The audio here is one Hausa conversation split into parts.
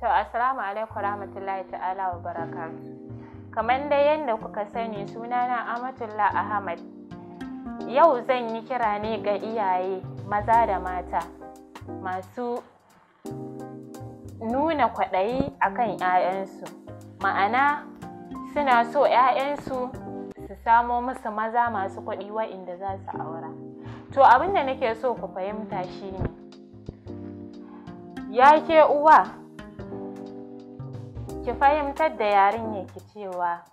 To assalamu alaikum rahmatullahi ta'ala wa baraka. Kamar dai yadda kuka sani sunana Amatullah Ahmad. Yau zan yi kira ne ga iyaye maza da mata masu nuna kwaɗayi a kan 'ya'yansu. Ma'ana suna so 'ya'yansu su samo musu maza masu kuɗi wa'inda za su aura. To abin da nake so ku fahimta shi ne ya ke uwa ki fahimtar da yarinyar ki cewa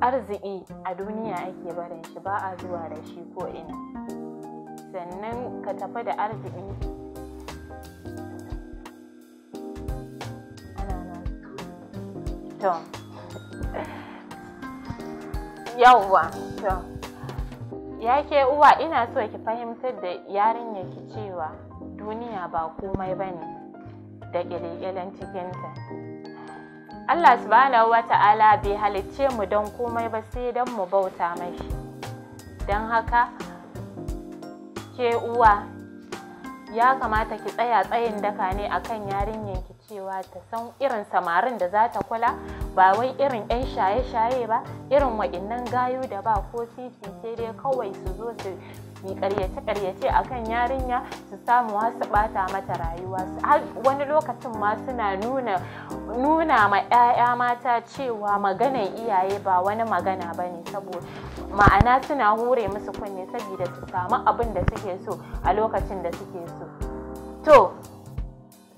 arziki a duniya ake barin shi ba a zuwa da shi ko ina sannan ka tafi da arzikin yauwa ya ke uwa ina so ki fahimtar da yarinyar ki cewa duniya ba komai bane da ƙyalƙyalan cikinta Allah subhanahu wa ta'ala bai halicce mu don komai ba sai don mu bauta mashi don haka ke uwa ya kamata ki tsaya tsayin daka ne akan yarinyar ki cewa ta san irin samarin da za ta kula ba wai irin 'yan shaye-shaye ba irin wa'innan gayu da ba ko titi sai dai kawai su zo su yi karyace-karyace a kan yarinya su samu wasu bata mata rayuwa wani lokacin ma suna nuna nuna ma 'ya'ya mata cewa maganan iyaye ba wani magana ba ne saboda ma'ana suna hure musu kunne saboda su samu abin da suke so a lokacin da suke so to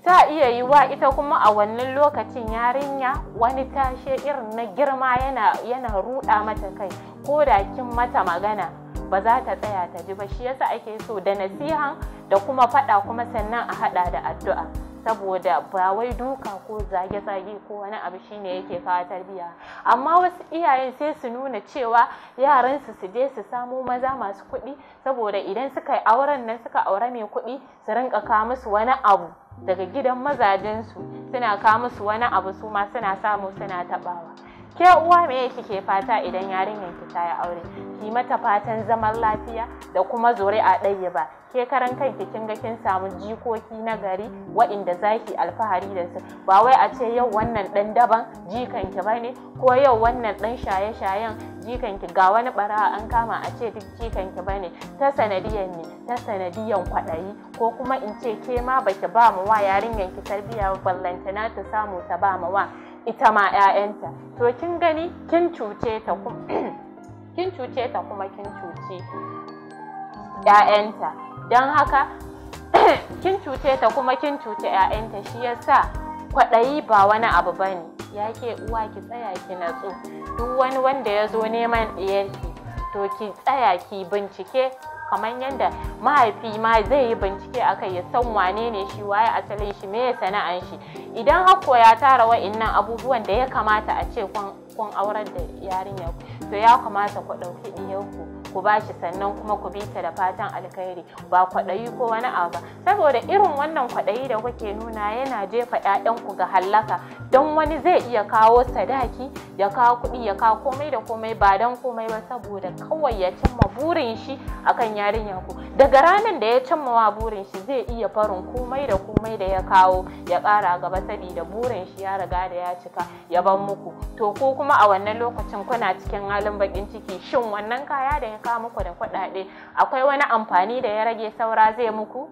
ta iya yi wa ita kuma a wannan lokacin yarinya wani tashe irin na girma yana yana ruɗa mata kai ko da kin mata magana ba za ta tsaya ta ji ba shi yasa ake so da nasihan da kuma faɗa kuma sannan a haɗa da addu'a saboda ba wai duka ko zage-zage ko wani abu shine yake kawo tarbiyya amma wasu iyayen sai su nuna cewa yaran su su je su samo maza masu kuɗi saboda idan suka yi auren nan suka aure mai kuɗi su rinka kawo musu wani abu daga gidan mazajensu suna kawo musu wani abu su ma suna samu suna taɓawa ke uwa me kike fata idan yarinyar ki ta yi aure ki mata fatan zaman lafiya da kuma zore a ɗaya ba ke karan kanki kin ga kin samu jikoki na gari waɗanda zaki alfahari da su ba wai a ce yau wannan ɗan daban jikanki ba bane ko yau wannan ɗan shaye-shayen jikanki ga wani bara an kama a ce duk jikanki ba bane ta sanadiyan ne ta sanadiyan kwaɗayi ko kuma in ce ke ma baki ba mu wa yarinyar ki tarbiyya ballantana ta samu ta ba mu wa ita ma 'ya'yanta to kin gani kin cuce ta kin cuce ta kuma kin cuce 'ya'yanta don haka kin cuce ta kuma kin cuce 'ya'yanta shi yasa kwaɗayi ba wani abu ba ne ya ke uwa ki tsaya ki natsu duk wani wanda ya zo neman ɗiyarki to ki tsaya ki bincike kamar yadda mahaifi ma zai yi bincike a kai ya san wane ne shi waye asalin shi me sana'an shi idan hakko ya tara wa'innan abubuwan da ya kamata a ce kun aurar da yarinyar to ya kamata ku ɗauki ku. ku ba shi sannan kuma ku bi ta da fatan alkhairi ba kwaɗayi ko wani abu ba saboda irin wannan kwaɗayi da kuke nuna yana jefa ku ga hallaka don wani zai iya kawo sadaki ya kawo kuɗi ya kawo komai da komai ba don komai ba saboda kawai ya cimma burin shi akan yarinya ku daga ranar da ya cimma wa burin shi zai iya farin komai da komai da ya kawo ya ƙara gaba saboda burin shi ya riga da ya cika ya bar muku to ko kuma a wannan lokacin kuna cikin halin bakin ciki shin wannan kaya da ya cika muku da kuɗaɗe akwai wani amfani da ya rage saura zai muku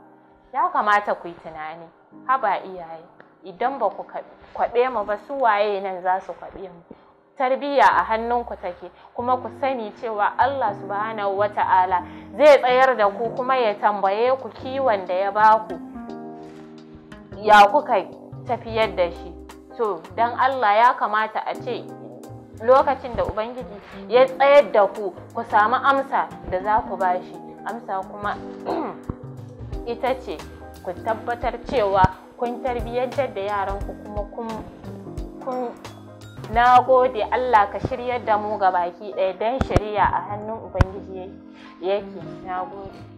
ya kamata ku yi tunani haba iyaye idan ba ku kwaɓe mu ba su waye nan za su kwaɓe mu tarbiyya a hannunku take kuma ku sani cewa Allah subhanahu wata'ala zai tsayar da ku kuma ya tambaye ku kiwon da ya baku ya kuka tafiyar da shi to don Allah ya kamata a ce lokacin da ubangiji ya tsayar da ku ku samu amsa da za ku ba shi amsa kuma ita ce ku tabbatar cewa kun tarbiyyantar da yaranku kuma kun na gode Allah ka shiryar da mu ga baki ɗaya don shirya a hannun ubangiji yake na gode